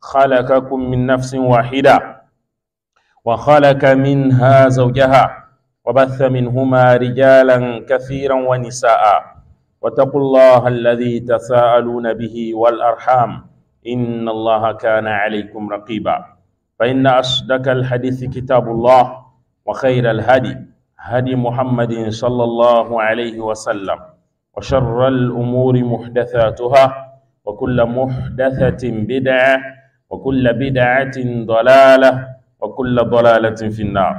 خلقكم من نفس واحدة وخلق منها زوجها وبث منهما رجالا كثيرا ونساء واتقوا الله الذي تساءلون به والأرحام إن الله كان عليكم رقيبا فإن أصدق الحديث كتاب الله وخير الهدي هدي محمد صلى الله عليه وسلم وشر الأمور محدثاتها وكل محدثة بدعة وكل بدعة ضلالة وكل ضلالة في النار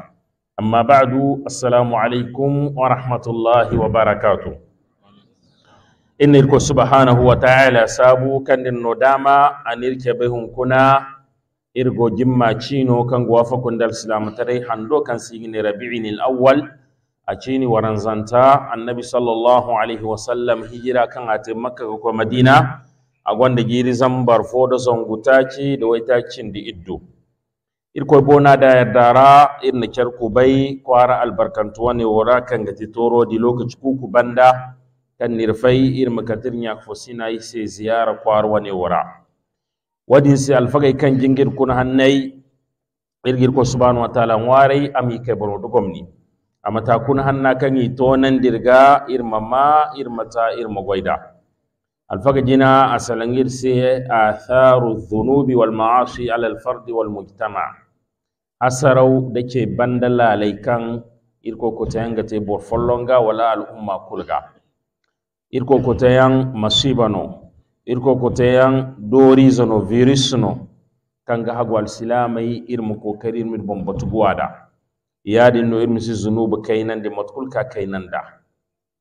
أما بعد السلام عليكم ورحمة الله وبركاته إن الكو سبحانه وتعالى سابو كان الندامة أن يركبهم كنا إرغو جمع تشينو كان وافقون دال سلام تريحان لو كان سيجن ربيعين الأول a cini waranzanta annabi sallallahu alaihi wasallam hijira kan ate makka ko madina a gwanda giri zambar foda songu gutaci da wai tacin da iddu irko bona da da irna charku bai kwara albarkantu wani wura, kan gaji toro di lokaci kuku banda kan nirfai irma katir nyak yi sai ziyara kwara wani wura. wadin si alfagai kan jingir kuna hannai irgir ko subhanahu wa ta'ala warai ami kai boro amata kun hanna kan yi tonan dirga irma ma irmata irma gwaida alfaka jina a salangir se a tharu zunubi wal ma'ashi ala alfardi wal mujtama asarau da ke bandala laikan irko kota yan gate bor follonga wala al'umma kulga irko kota yan masibano irko kota yan dori zano virus no kan ga hagwal silamai irmu kokari mi bombatu buwada yadin no irmu si zunubi kainan da matkulka kainan da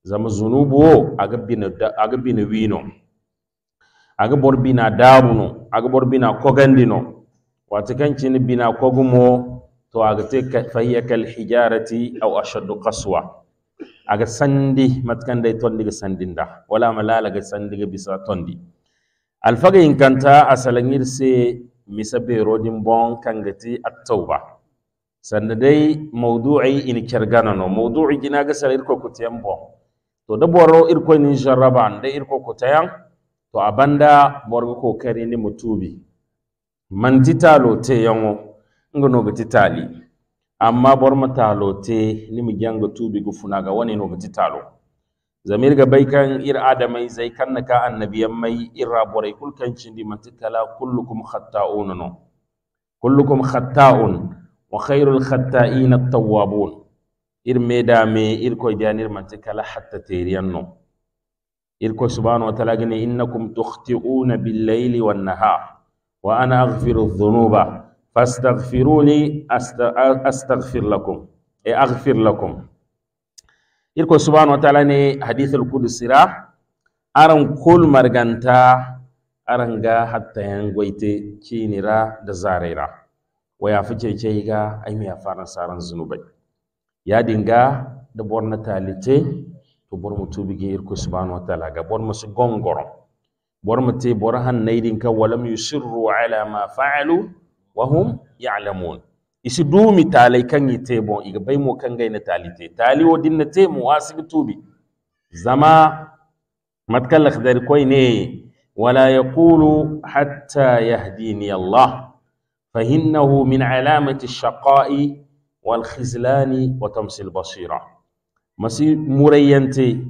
zama zunubuwo aga bina wino aga bor bina dabuno aga bor bina kogandino wati kancini bina kogumo to aga te fahiya kal hijarati aw ashaddu qaswa aga sandi dai tondi ga da. wala malala ga sandi ga bisa tondi alfaga inkanta asalangir se misa rodin bon kangati at-tauba sanda dai mawdu'i in kergana no mawdu'i gina ga salir ko bon to da boro irko ni jarraban da irko ko tayan to abanda borgo ko kokari ni mutubi man titalo te yango ngono ga titali amma bor matalo te ni mu janga tubi gu ga wani no ga titalo zamir ga baikan ir adamai zai kannaka naka annabiyan mai irra borai kulkan cindi man titala kullukum khata'un no kullukum khata'un wa khairul khata'in at-tawwabun ir medame ir ko janir manti kala hatta no ir ko subhanahu wa ta'ala gani innakum tukhti'una bil-layli wan-nahar wa ana aghfiru dhunuba fastaghfiruni astaghfir lakum e aghfir lakum ir ko subhanahu wa ta'ala ne hadith al-qudsira aran kul marganta aran ga hatta yan goite cinira da zarira waya fice ce ga ai me ya fara saran zunubai yadinga da borna talite to bor mu tubi ge irko subhanahu wa ta'ala ga bor musu gongoro bor mu te bor han naydin ka walam yusirru ala ma fa'alu wa hum ya'lamun isi dumi talai kan yite bon iga bai mo kan gaina talite tali dinna te mu wasigi tubi zama matkal khdari koy ne wala yaqulu hatta yahdini allah فإنه من علامة الشقاء wal wa tamsil basira masi ne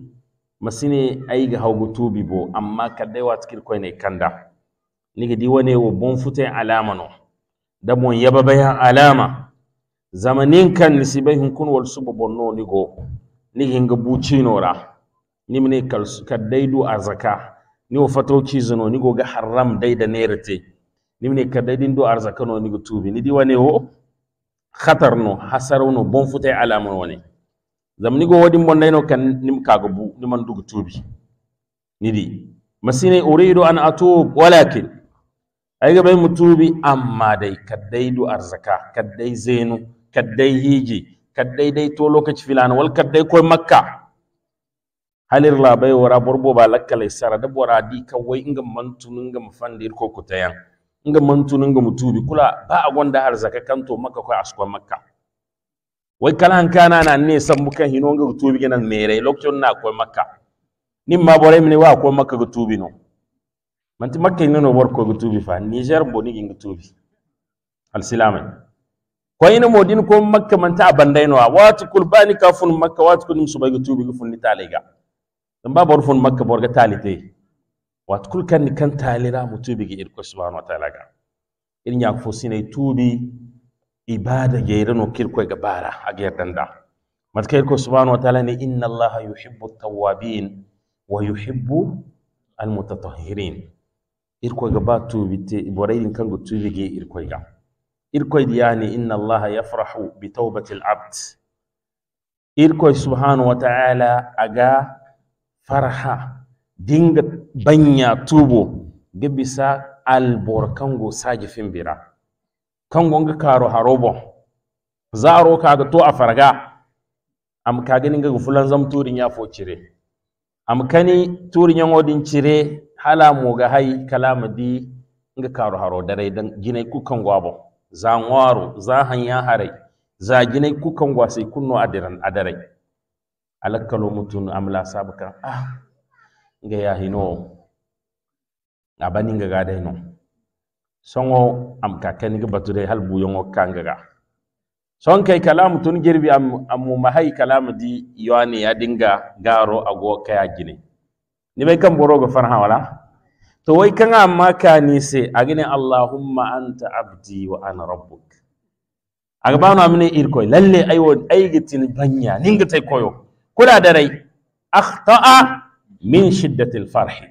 masine ga hawgu tuubi bo amma kadday watikir koyne kanda ni di wane wo bon fute alama no da yaba yababaya alama zamanin kan nisibay hunkun wal no ni go ni hinga bucinora nimne kadai du arzaka ni wo fataw ni go ga haram dayda nerete nimne kadday din du arzaka no niga tuubi ni di wane wo khatar no hasaro no bon futai alamar wani zamni go wadin bon dai no kan nim kaga bu ni man dugu tubi nidi masine uridu an atub walakin ay ga bai mutubi amma dai kaddai du arzaka kaddai zainu kaddai hiji kaddai dai to lokaci filan wal kaddai ko makka halir la bay wara borbo ba lakkale sara da bora di kawai inga mantunun ga mafandir ko kutayan nga mantu nga mutubi kula ba a gwanda har zaka kanto maka kai askwa makka wai kala kana na ne san buka hino nga tubi ganan mere lokacin na kai makka nin ma bore mini wa kai makka mutubi no manti makka ne no bor ko mutubi fa niger boni gin mutubi al silamai ko ina modin ko makka manta bandai no ta kulbani kafun makka watu kun subay tubi gufun ni taliga dan ba bor fun makka bor ga talite wat kan talira mutubi irko subhanahu wa ta'ala ga in ya fo tubi ibada ge kirko ga bara a danda matka irko subhanahu wa ta'ala ni inna yuhibbu tawabin wa yuhibbu al-mutatahhirin irko ga ba tubi te kan go ge irko ga irko yani inna allaha yafrahu bi tawbati al-abd irko subhanahu wa ta'ala aga farha dinga banya tubo ga bisa albor kango saji fimbira kango nga karo harobo zaro kaga to a farga am kaga ninga fulan zam turin ya fo cire am kani turin yan odin cire hala mo ga hay kalama di nga karo haro dare dan ginai ku kango abo za nwaro, za hanya harai za ginai ku kango sai kunno adiran adare alakkalo mutun amla sabaka ah nga yahino abani nga ga dai no songo am ka ken ga batude hal bu yongo kangaga son kai kalam tun girbi am amu mahai kalam di yoni ya dinga garo ago kaya gine ni mai kan boro ga farha wala to wai kan amma ka ni se agine allahumma anta abdi wa ana rabbuk agbanu amine irkoy lalle ayo aygitin banya ninga tay koyo kula da rai akhta'a min shiddatil farhi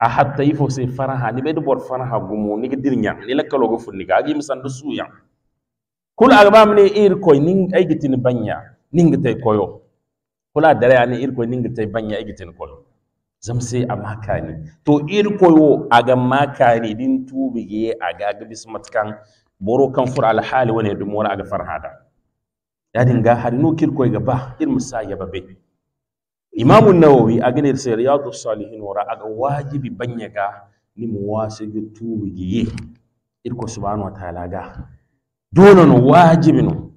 a hatta yi fo sai faraha ni bai bor faraha gumo ni ga dirnya ni la kalo go funni ga gi misan dusu ya kul agbam ni ir koy nin ay gitini banya nin ga tay koyo kula dare ani ir koy nin ga tay banya ay gitini koyo zam sai a makani to ir koyo aga makani din tubi ge aga ga bismatkan boro kan fur al hali wani dum wora aga farhada yadin ga har no koy ga ba ir musa ya babe imamu nawawi a agane se riyadu salihin wara aga wajibi ga ni mu muwasigi tuwigiye irko subhanahu wa ta'ala ga dole no wajibi no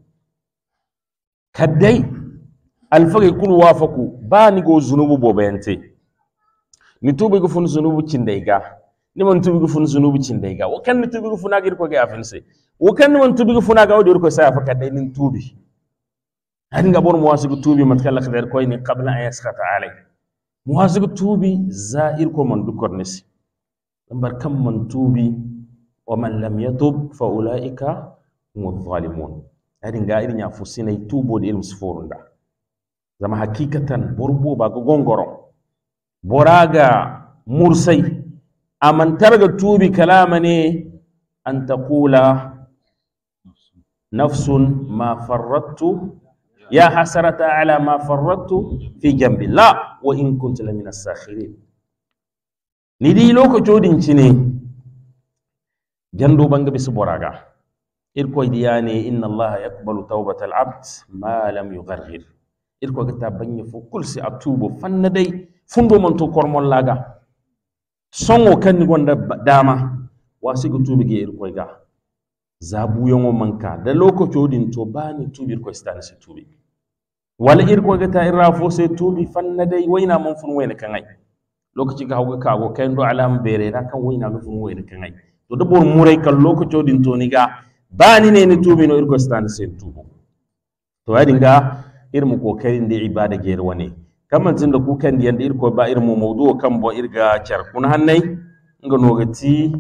kaddai alfage kul wafaku ba ni go zunubu bobente ni tubi go fun zunubu cindaiga ni man tubi go fun zunubu cindaiga wakan ni tubi go funa ga irko ga afinse wakan ni man tubi go funa ga wodi irko sa fa kaddai ni tubi هنگا بور مواسق توبي متكلق دير كويني قبل أن يسخط عليه مواسق توبي زائر كو من دكر نسي نمبر كم من توبي ومن لم يتوب فأولئك هم الظالمون هذه غير نفسنا يتوبوا دي المسفورون دا زما حقيقة بربو باقو غنغرو براغا مرسي أمن ترغ توبي كلامني أن تقول نفس ما فرطت ya hasarata ala ma farrattu fi jambillah wa in kuntu la minas sakhirin ni di lokaco din cine jando banga bisu boraga irko diyane inna allah yaqbalu tawbata al abd ma lam yughargir irko banya banye fo kulsi atubo fanna dai fundo man to kormol laga songo kanni gonda dama wasigo tubi ge irko ga zabuyon o manka da lokacodin to bani tubi ko istani sai tubi wala irko gata irra fo se tubi fanna dai waina mun fun waina kan ai ka hauka ka kago kayan do alam bere na kan waina mun fun waina kan ai to da bor murai kan lokacodin to ni ga bani ne ni tubi no irko istani sai tubu to ya dinga irmu kokarin da ibada gere wane kamar tun da kukan da yanda irko ba irmu mawdu kan bo irga charkun hannai nga nogati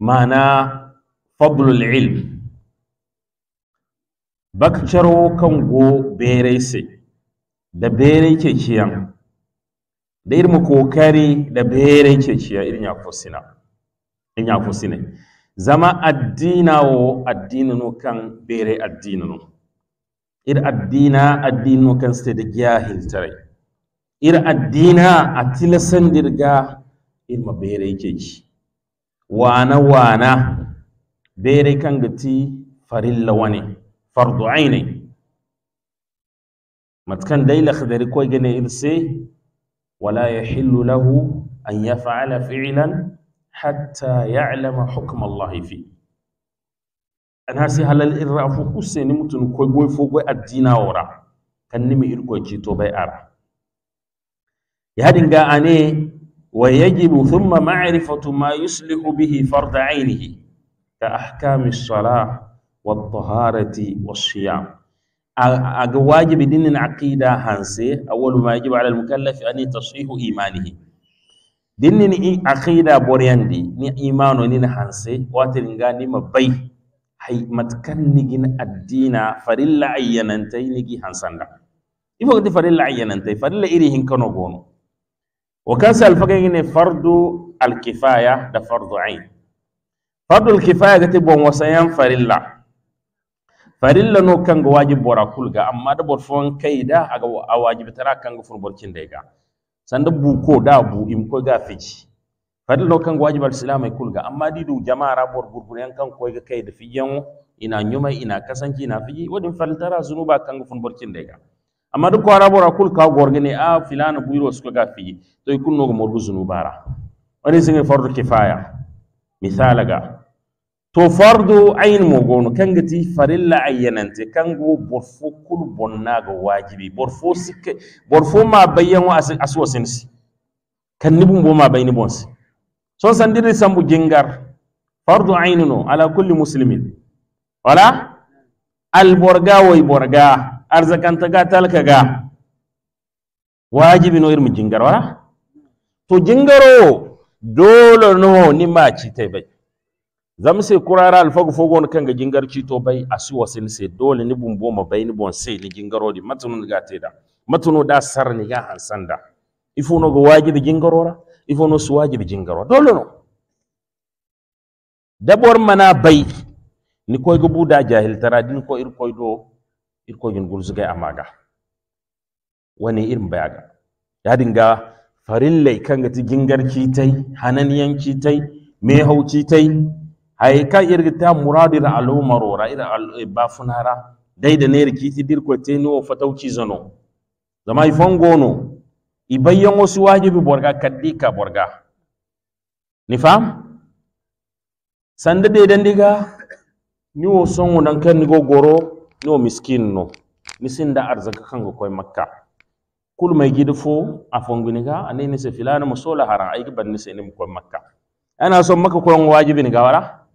mana fadlul ilm bakcharo kan go berai se da berai ke ciyan da irin kokari da berai ke ciya irin ya kusina in ya kusina zama addina wo addina no kan berai addina no ir addina addina no kan sai da jahil tare ir addina a tilasan dirga irma berai ke ci wana wana bere kan ti farilla wane fardu aini matkan dai la khadari ko gane irse wala yahillu lahu an yaf'ala fi'ilan hatta ya'lama hukm Allah fi An si halal irrafu kusani mutun ko goy fo goy addina wora kan nimi irko ci to bai ara ya dinga ane wa yajibu thumma ma'rifatu ma yuslihu bihi fard ainihi ka ahkami salah wa taharati wa siyam aga wajib dinin aqida hanse awwalu ma yajibu ala almukallaf an tasihu imanihi dinin aqida boryandi ni imano nin hanse watin gani mabai hay matkan addina farilla ayyanantay ni gi hansanda ifo gati farilla ayyanantay iri hin kono gono wa kasal fagayne fardu alkifaya da fardu ayn fardul kifaya gati bon wasayan farilla farilla no kanga wajib bora kulga amma da bor fon kaida aga a tara kanga fur bor da ga sanda bu ko da bu im ko ga fiji farilla no kanga wajib al-islam ay kulga amma didu jama'a bor burbur kan ko ga kai da fiyan ina nyuma ina kasanci ina fiji wadin tara zunuba kanga fur bor da ga amma duk wara bora kul ka gorgane a filana buiro suka ga fiji to ikun no go morgu zunubara wani singa fardul kifaya misalaga to fardu ayin mogono gati farilla ayyanante kango borfo kul ga wajibi borfo sikke borfo ma bayyanwo asuwa sinsi kan nibun bo ma bayni bonsi son sandiri sambu jingar fardu no, ala kulli muslimin wala alborga way borga ga talka ga. wajibi no irmu jingar wala to jingaro dole no ni ma ci tay bai zam se kurara alfagu fogo kan ga gingarci to bai asi wasin se dole ni bumbo ma bai ni bon se ni gingarodi matunu ga da matunu da sar ni ga hansanda da ga wajibi ifo no su da gingaro? dole no dabor mana bai ni koy go buda jahil tara din ko ir koy do ir koy gin gurzuga amaga wani irin bayaga ya dinga lai kan ga ti gingarci tai hananiyanci tai hauci tai hay ka irgita muradir al umarora ira al bafunara da neri kiti dirko teni o fatauci zano zama ifon i ibayyango si wajibi borga kaddi ka borga ni fam sanda de dan diga ni wo songo nan kan ni go goro ni wa miskin no ni da arzaka kan go koy makka kul mai gidi fo a fongini ga anene se filana musola hara ai ban ni se ni ko makka ana son maka ko wajibi ni ga wara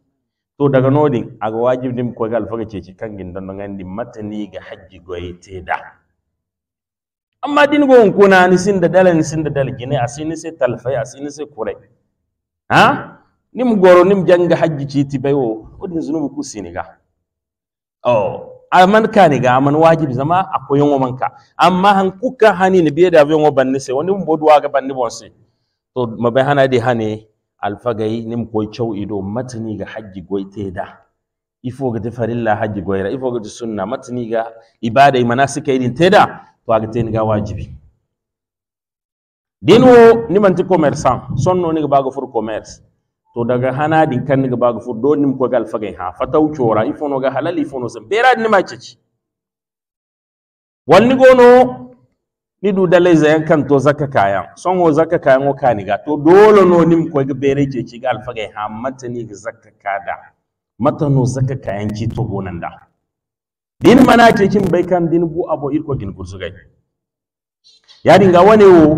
to daga nodin ga wajib din ko gal ce ceci kan gindan don gandi matani ga hajji goyi da amma din go kuna ni sin da dalan sin da a asini sai talfai a asini sai kure ha mu goro nim janga hajji ci citi bayo odin zunubu ku siniga oh ka kani ga man wajib zama akwai yin ka amma han kuka hani ni biye da biyan wabanni sai wani mun bodwa ga banni bonse to mabai hana dai hane alfagayi nim koy cow ido ga hajji ifo gati farilla hajji goyra ifogati sunna matiniga ibada e manasika te da to agateniga wajibi din wo nimanti commerçant sonno niga ga furo commerce to daga hana din kaŋ niga baga fur do nim ga alfagay ha fataw cora ifonoga halal ifono sam beradi nima wala walni gono ni du dalai zayan kan to zaka kayan son ho zaka kayan kani ga? to dole no nim ko ga bere ke ci ga alfagai ha mata ni ga zaka kada mata no zaka kayan ci to gonan da din mana ke kin bai kan din bu abo irko gin gurzugai ya dinga wane wo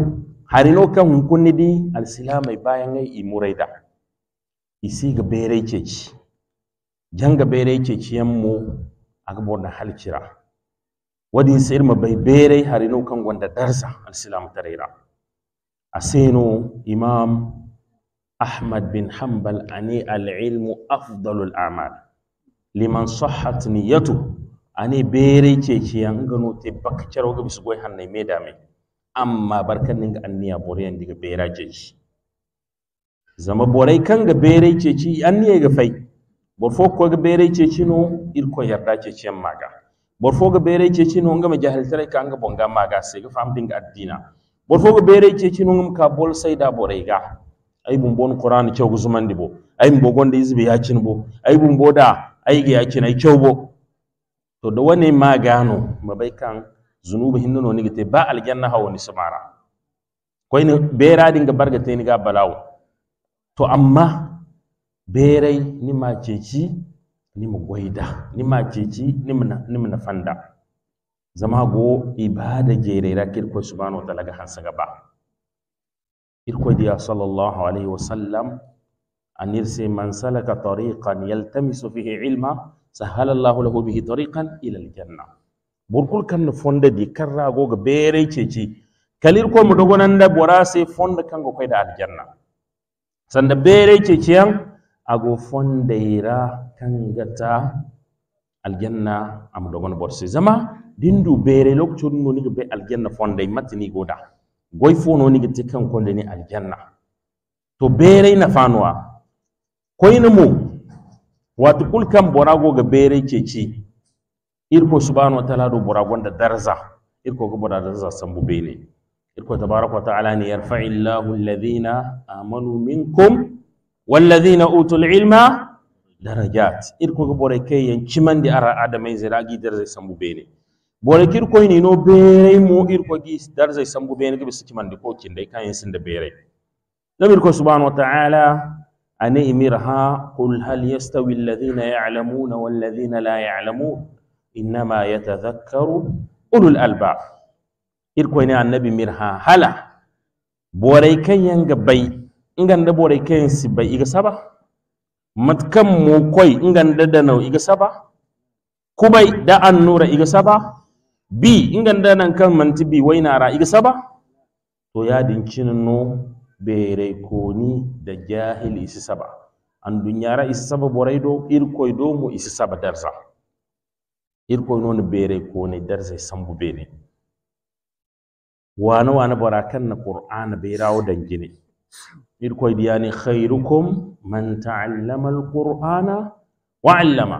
harino kan hunkunni di alsilamai bayan ai imurai da isi ga bere ke ci janga bere ke ci yammo aga halkira wadi bai bere hari harino kan gwanda darsa alsilamu tarayra aseno imam ahmad bin hanbal ani alilmu afdalul amal liman sahhat niyatu ani beerey ceeciyan gano te bakka caroga bisgoy mai dame amma barkan ninga anniya yan diga bera ceeci zama borai kan ga berai ceci an ne ga fai ga berai ceci no irko yarda ceci yan maga ga bere ceci nongama tare ka anga bonga maga ga fam dinga addina ga bere ceci nongam ka bol sayda ga ay bum bon qur'an cewgu zumandi bo ay mbo gonde ya cin bo ay bum boda ay ga yacin ay bo to da wane ma mabai kan zunubi hinno no te ba aljanna hawo ni samara koyni bera ga barga ni ga balawo to amma berai ni ma ceci gwaida ni ma ceci nimna nimna fanda zama go ibada jeereyra kirkoy subhanahu wa taala ga hansaga ba irkoy diya sallallahu alaihi wa sallam anirse man salaka tariqan yaltamisu fihi ilma sahala lahu bihi tariqan ila aljanna burkul kan fonda di karra ga bere ceci kalir ko mu da bora se fonda kango da aljanna sanda bere ceci ceciyan ago ira kangata aljanna am dogon borsi zama dindu bere lokacin no niga be aljanna fonde matini goda goy fono niga tikan kolle ni aljanna to bere na fanwa koyna mu wato kulkan borago ga bere ceci irko subhanahu wa ta'ala do boragon da darza irko ga da darza sambu bene irko tabaraka wa ta'ala ni yarfa'illahu alladhina amanu minkum والذين أوتوا ilma. darajat irko ko bore kay yen di ara adamay zira gi darzai sambu bene bore kir ko ni no bere mo irko gi darzai sambu bene gi bisu di ko kin dai kayan sin da bere nabi ko subhanahu wa ta'ala an imirha qul hal yastawi alladhina ya'lamuna wal ladhina la ya'lamun innama yatadhakkaru ulul alba irko ni annabi mirha hala bore kayan gabai inganda bore kayan sibai iga saba matkan mu koi ingan nau iga saba kubai da an nura iga saba bi ingan danan kan manti bi ra iga saba to ya dincin no bere koni da jahil isi saba an dunyara isi saba borai do irkoi do mu isi saba darza irkoi non bere koni darza sambu bene wana wana barakan na qur'ana berawo dangine irkoi diyani khairukum man ta'allama alqur'ana wa 'allama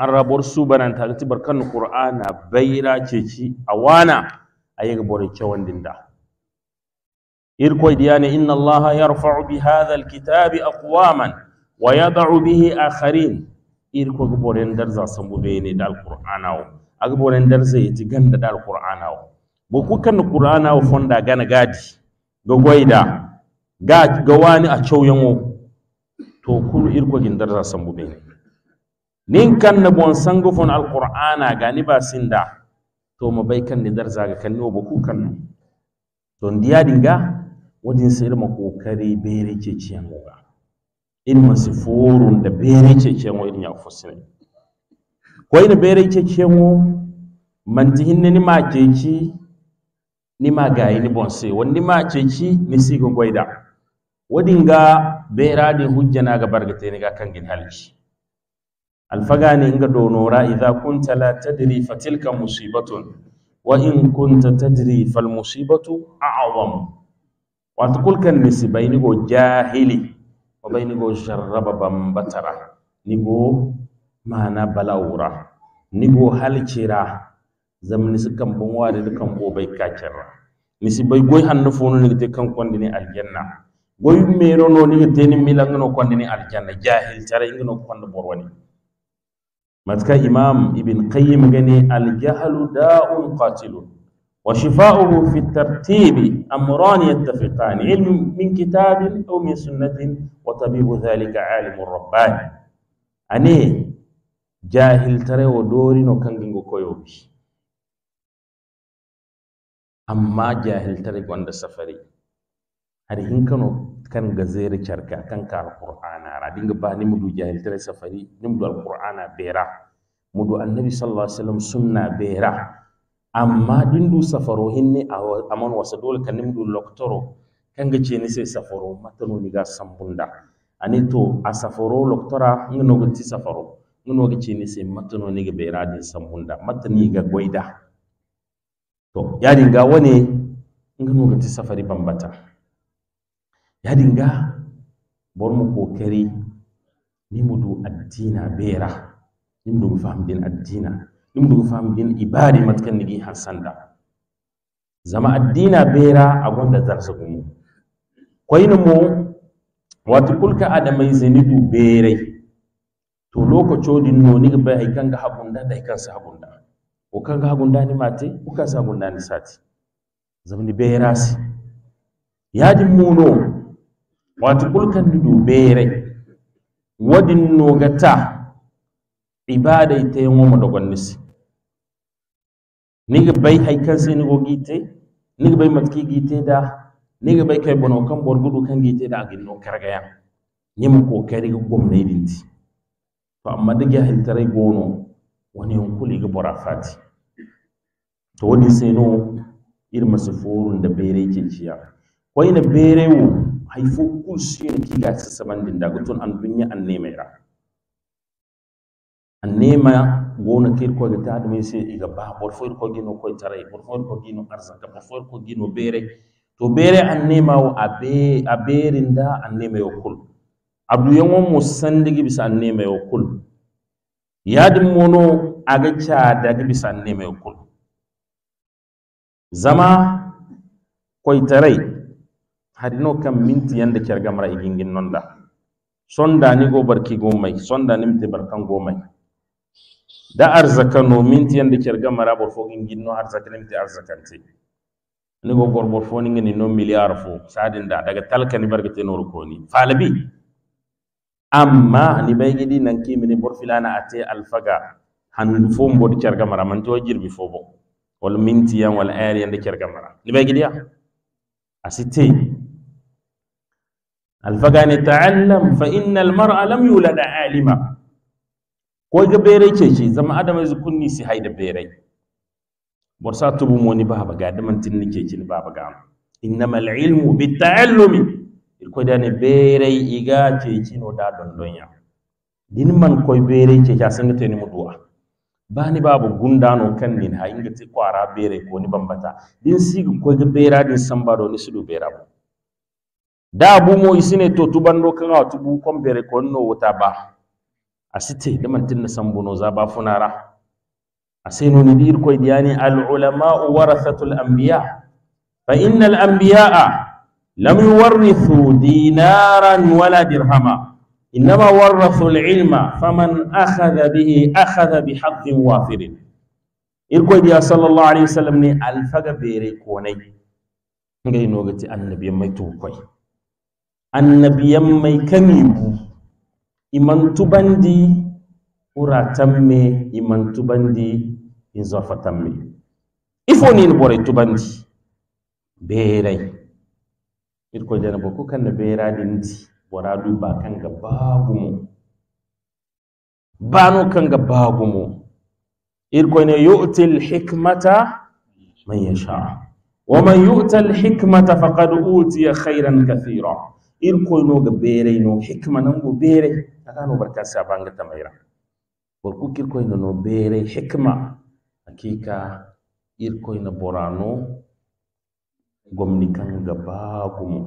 An arabar su bananta ga tibar kan qur'ana bayra ceci awana ayiga bore cewandinda irko diyane inna allaha yarfa'u bi hadha alkitabi aqwaman wa yad'u bihi akharin irko bore ndar za sambu bene dal qur'ana o aga bore ndar zai ti ganda dal qur'ana o bo ku kan qur'ana o fonda gana gadi go goida ga ga wani a cewanwo to kulu irko gindarza sambu bene nin kan na bon sango fon alqur'ana gani ba sinda to mu bai kan ni darza ga kan no boku kan don ndiya dinga wajin sai irma kokari bere ce ciyan ga irma siforun da bere ce ciyan wa irin ya fusine ko ina bere ce ciyan man ji hinne ni ma ci ni ma gayi ni bon sai wani ma ci ni sigo goida wadinga beeradi hujjanaga bargateniga kangin halji alfagani inga donora idha kunta la tadri fatilka musibatun wa in kunta tadri falmusibatu a'zamu nisi nisibay nigo jahili wabay nigo sharraba bambatara nigo mana balawra nigo halcira zamni sikam bonwari kam bo bay nisi nisibay goy hannu fonu nigte kan aljanna goy mero no ni teni milangno konde ni aljanna jahil tara ingno konde borwani matka imam ibn qayyim gani aljahlu da'un qatilun wa shifa'uhu fi tartibi amran yattafiqan ilm min kitabin aw min sunnatin wa tabibu dhalika alim rabbani ane jahil tare o dori no kangingo amma jahil tare gonda safari hari kano kan ga zere charka kan ka alqur'ana ra dinga ba ni mudu jahil tare safari ni mudu alqur'ana bera mudu annabi sallallahu alaihi wasallam sunna bera amma dindu safaro hinne aman wasa dole kan mudu loktoro kan ga ce ni sai safaro matano ni ga sambunda ani to a safaro loktora ngino ga ti safaro ngino ga ce ni sai matano ni ga bera din sambunda matani ga goida to ya dinga wani ngino ga ti safari bambata yadinga bor mo kokari ni mu du addina bera. ni mu dugu din addina ni mu dugu din ibadi matkan nigi han sanda zama addina bera a gonda zarsa gumu koyin mu, wati kulka adamai zeni du beeray to din no bai bay hay kanga hagunda da sa kansa hagunda Ko kanga hagunda ni mate sa kansa hagunda ni sati bera beerasi yadin muno wato kulkan dudu bere wadin nogata ibada ite ngomo dogonnisi niga sai ni kanse nigo gite niga bai matki gite da niga bai kai bono kan borgudu kan gite da agin no kargaya nyim ko kari gomna idinti to amma ya hintarai gono wani yankuli ga bora fati to wani sai no irin masu forun da bere ke ciya kwai na bere wu hay fo kulsiyene kiga sasamandin daga ton an dunya an nemera an nema gona kir ko ta da mai sai iga ba bor fo ko gino ko tare bor fo ko gino arzaka bor fo ko gino bere to bere an nema wo abe aberin da an nema yo kul abdu yango mo sandigi bisa an nema yo kul yadin mono aga cha daga bisa an nema yo kul zama tare n'o kam minti yanda kerga mara igingin nonda sonda ni go barki go mai sonda ni mti barkan go mai da arzaka no minti yanda kerga mara bor fo gingin no arzaka ni mti arzakante ni go gor bor fo ni ngini no miliyar fo sadin da daga talka ni barkate no koni falabi amma ni bai gidi nan ki mini bor filana ate alfaga han fo mbod kerga mara man to jirbi fo bo wal minti yan wal ayar yanda kerga mara ni bai gidi ya asite alfagani ta'allam fa innal mar'a lam yulad alima ko ga berai ce ce zama adam ya zukunni si haida bere borsa tubu moni baba ga daman tin nike jin baba ga innamal ilmu bita'allumi ko da ne berai iga ce ce no da dondonya din man ko berai ce ja sanga te ni ba bani babu gundano kan ni ha inga ti kwara berai ko ni bambata din sigi ko ga bera din san do ni su bera ba da bu mo isine to kan wa tubu kon no wuta ba asite de man tinna sambuno za ba funara asino ni dir koy diani al ulama warathatul anbiya fa innal anbiya lam yuwarithu dinaran wala dirhama إنما ilma faman فمن أخذ به أخذ بحظ وافر ko diya sallallahu alaihi wasallam ni al faga bere konai ngai gati annabi mai tukwai mai imantu bandi imantu bandi imantubandi ura me ifo ni ni bore tu bandi beeray irko jana boko kanna beeradindi bora du ba kan baagumo bano mu irko ne yu'til hikmata man yasha wa man yu'tal hikmata faqad utiya khairan kathira bere no hikma nango beere agano barkan sabanga tamayra borku kirkoyno no beere hikma hakika irkoyno borano gomni kanga baagumo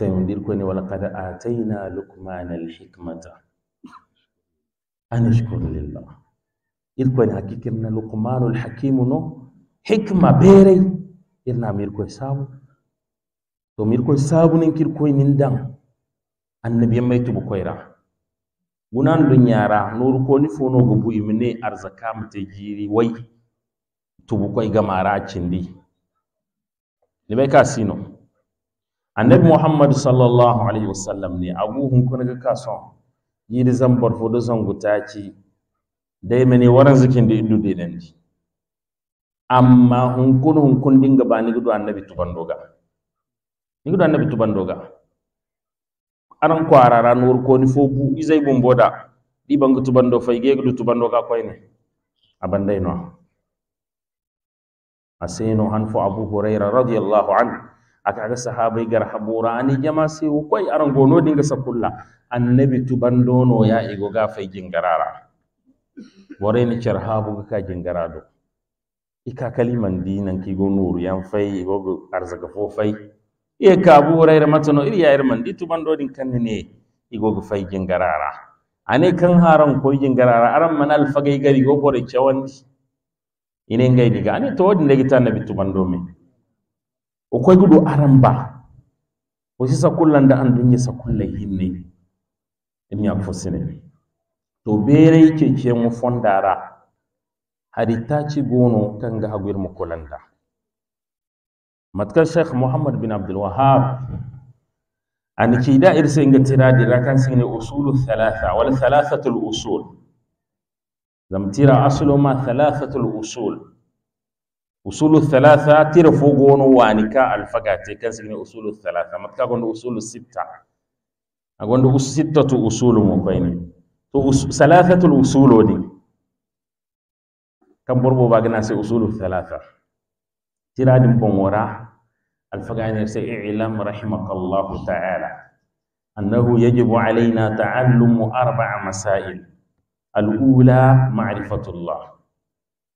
wala irkoyne ataina luqman al hikmata, anashkur lillah na luqman al alhakimu no hikma beerey irnama irkoye saabu to mirkoy sabunin koy nin dan annabi mai tubu koira gunan dunyara yara ko ni fono go bu imne arzaka mate jiri wai tubu koi ga mara cindi ni ka kasino annabi muhammad sallallahu alaihi wasallam ne abu hun kun ga kaso yi da zan bar fodo zan ci dai mene waran zikin da indu dai dan amma hun kun hun kun dinga bani gudu annabi tuban doga ni do annabi tubandoga aran kwarara nur ko ni fobu izai bomboda di bangu tubando fay gege du tubando ka koyne abandai no asino hanfu abu hurairah radhiyallahu an aka ga sahabai gar haburani jama sai koy aran gono dinga sakulla annabi tubando no ya igo ga fay jingarara wore ni charhabu ka jingarado ika kaliman dinan ki go nuru yan fay igo arzaga fo fay e kabu hurayra matano iri ya irman ditu bando din kan ne go fay jingarara ane kan haran ko jingarara aran man al fagay gari go bore chawandi ine ngai diga ane to din legi tan nabi tubando me o koy gudu aran ba o sisa da an dunya sa kullai hinne in ya fosine to bere yake ke mu fondara ta ci gono kan ga hagwir mu kullanda matkan sheikh muhammad bin abdul wahab an ki da irse inga tira rakan kan ne usulu thalatha wal thalathatu al usul zam tira aslu ma thalathatu al usul usulu thalatha tira fo gono wanika al fagate kan ne usulu thalatha matka gondo usulu sitta agondo us sittatu usulu mo bayni to thalathatu al usul odi kan borbo bagana se usulu thalatha tira dim bongora الفقعين اعلم رحمك الله تعالى أنه يجب علينا تعلم أربع مسائل الأولى معرفة الله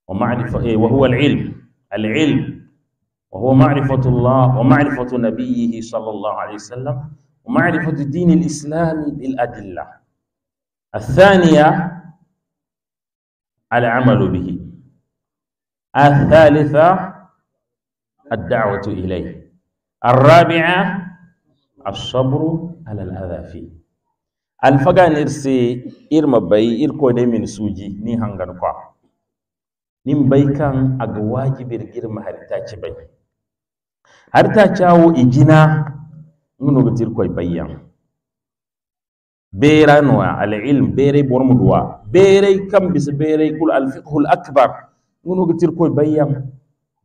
ومعرفة إيه، وهو العلم العلم وهو معرفة الله ومعرفة نبيه صلى الله عليه وسلم ومعرفة الدين الإسلامي بالأدلة الثانية العمل به الثالثة الدعوة إليه الرابعة الصبر على الأذى فيه alfagan irse irma bai irko ne min suji ni hangan fa. nin bai kan aga wajibir girma har ta ci bai har ta cawo ijina nuno ga tirko bayyan bera noya al ilm bere bormuduwa bere kan bisa bere kul al fiqh al akbar nuno ga tirko bayyan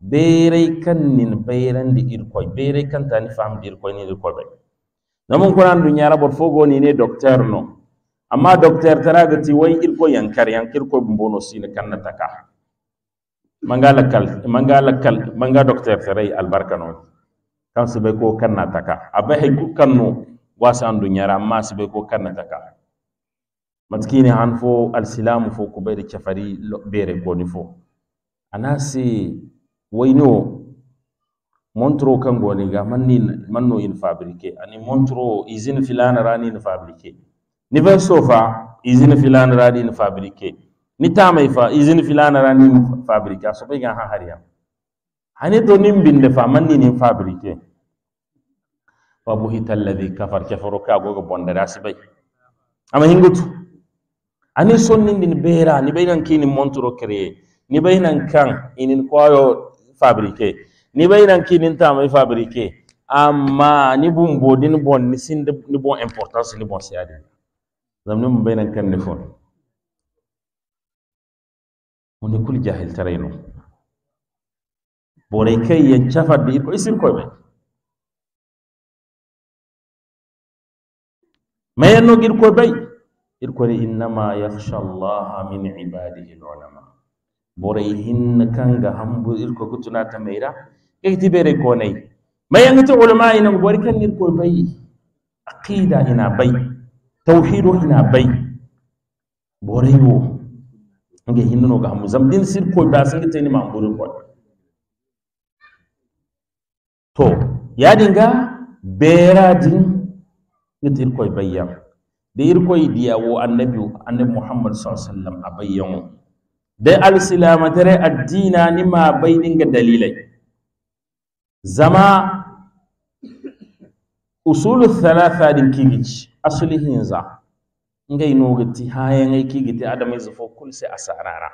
beeray kan nin bayrandi irkoy beeray kan tani famdi irkoy nin irkoy bay namun kuran dunyara bor fogo ni ne docteur no amma docteur tara da ti wai irkoy yankar yankir ko bumbono sine kanna taka mangala kal mangala kal manga docteur tarai albarka no kan sibai ko kanna taka abai hay kan no wasa an dunyara amma sibai ko kanna taka matkini han fo alsilamu fo kubai da kafari bere goni fo anasi wayno montro kan goni ga manni manno in fabrique ani montro usine filana rani in fabrique ni ben sofa usine filana rani in fabrique ni tamay fa usine filana rani in fabrique so be ga ha hariya hani to nim binde fa manni in fabrique fa buhita alladhi kafar kafaro ka gogo bondare asbay amma hingutu ani sonnin din beera ni bai nan kini montro créer ni bai nan kan inin kwayo fabriquer ni bayran nin ta mai fabriquer amma ni bun bodin bon ni sin de ni bon importance ni bon siade zamni mun bayran kan ni fon mun kul jahil tarayno boray kay yan chafa bi ko isin ko be mayanno gir ko bay ir ko inna ma yakhsha allah min ibadihi ulama boray hinna kanga hambu irko ta kutunata mayra kekti bere an mayanti ulama ina bori kan irko a aqida ina bay tauhido ina bay boray wo nge hinno no gamu zamdin sir ko ba ni ma hambu ko to ya dinga bera din ngit irko bayyan da irko diyawo annabi annabi muhammad sallallahu alaihi wasallam abayyan dai alsilamatare addina ni ma bai dinga dalilai zama usulu thalatha din kigici asuli hinza ngai nogati hayan ai kigiti adamai zafo kul sai asarara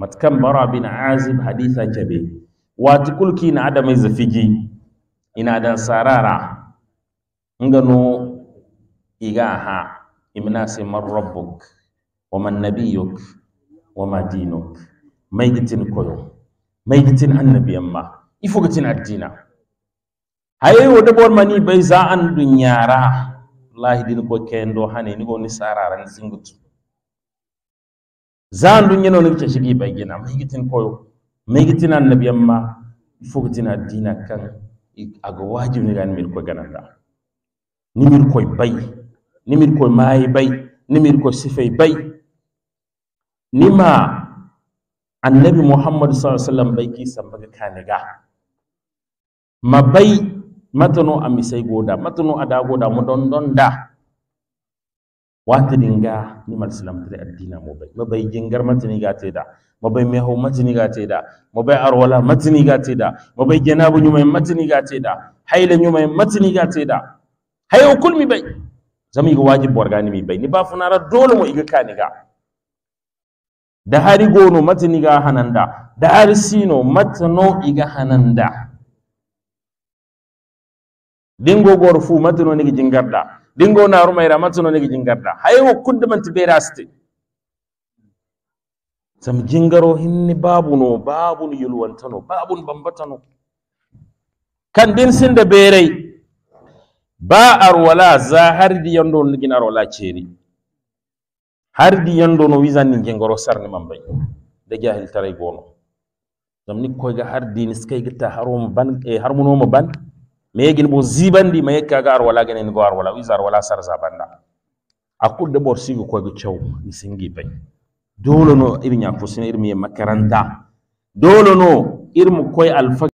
matkan bara bin azib haditha jabe wati kulki na adamai zafigi ina dan sarara ngano iga ha imna sai man rabbuk wa man nabiyuk wa ma dinuk mai gitin koyo mai gitin annabiyan ma ifo gitin addina haye wo de bor mani bay za an dunyara wallahi din ko kendo hane ni go ni sararan zingutu za an dunyano ni ke shigi bay gina mai gitin koyo mai gitin annabiyan ma ifo gitin addina kan ago wajin ni gan mil ko gananda ni mil koy bay ni mil koy may bay ni mil koy sifay bay nima annabi muhammadu sallallahu bai kisa baga kaniga ma bai matano a misai goda matano a da goda mu don don da wata dinga Nima islam tare addina mu bai mabai jingar matani ga ce da mabai mai hau matini ga ce da mabai arwala matani ga ce da mabai janabu nyumai matani ga ce da haila nyumai matani ga ce da hayo kulmi bai zama iga wajibi wargani mi bai ni ba funara dole mu iga kaniga da hari gono matani ga hananda da hari sino matano iga hananda dingo gor fu matano nigi jingarda dingo naru mayra matano nigi jingarda hayo kudde man tiberasti sam jingaro hinni babu babun yulwantano babu bambatano kan din sinde berey ba arwala wala zahar di yondo nigi arwala ceri har di yando no ni jengoro sarne man de jahil taray gono dam ni ga har dini skay gita harum ban e mo ban mayegin bo zibandi may ka ar wala ganen go ar wala wizar ar wala sarza banda a bor sibi sigi koyga cew ni singi bay dolono ibnya fusina irmi ye makaranta dolono irmu koy alfa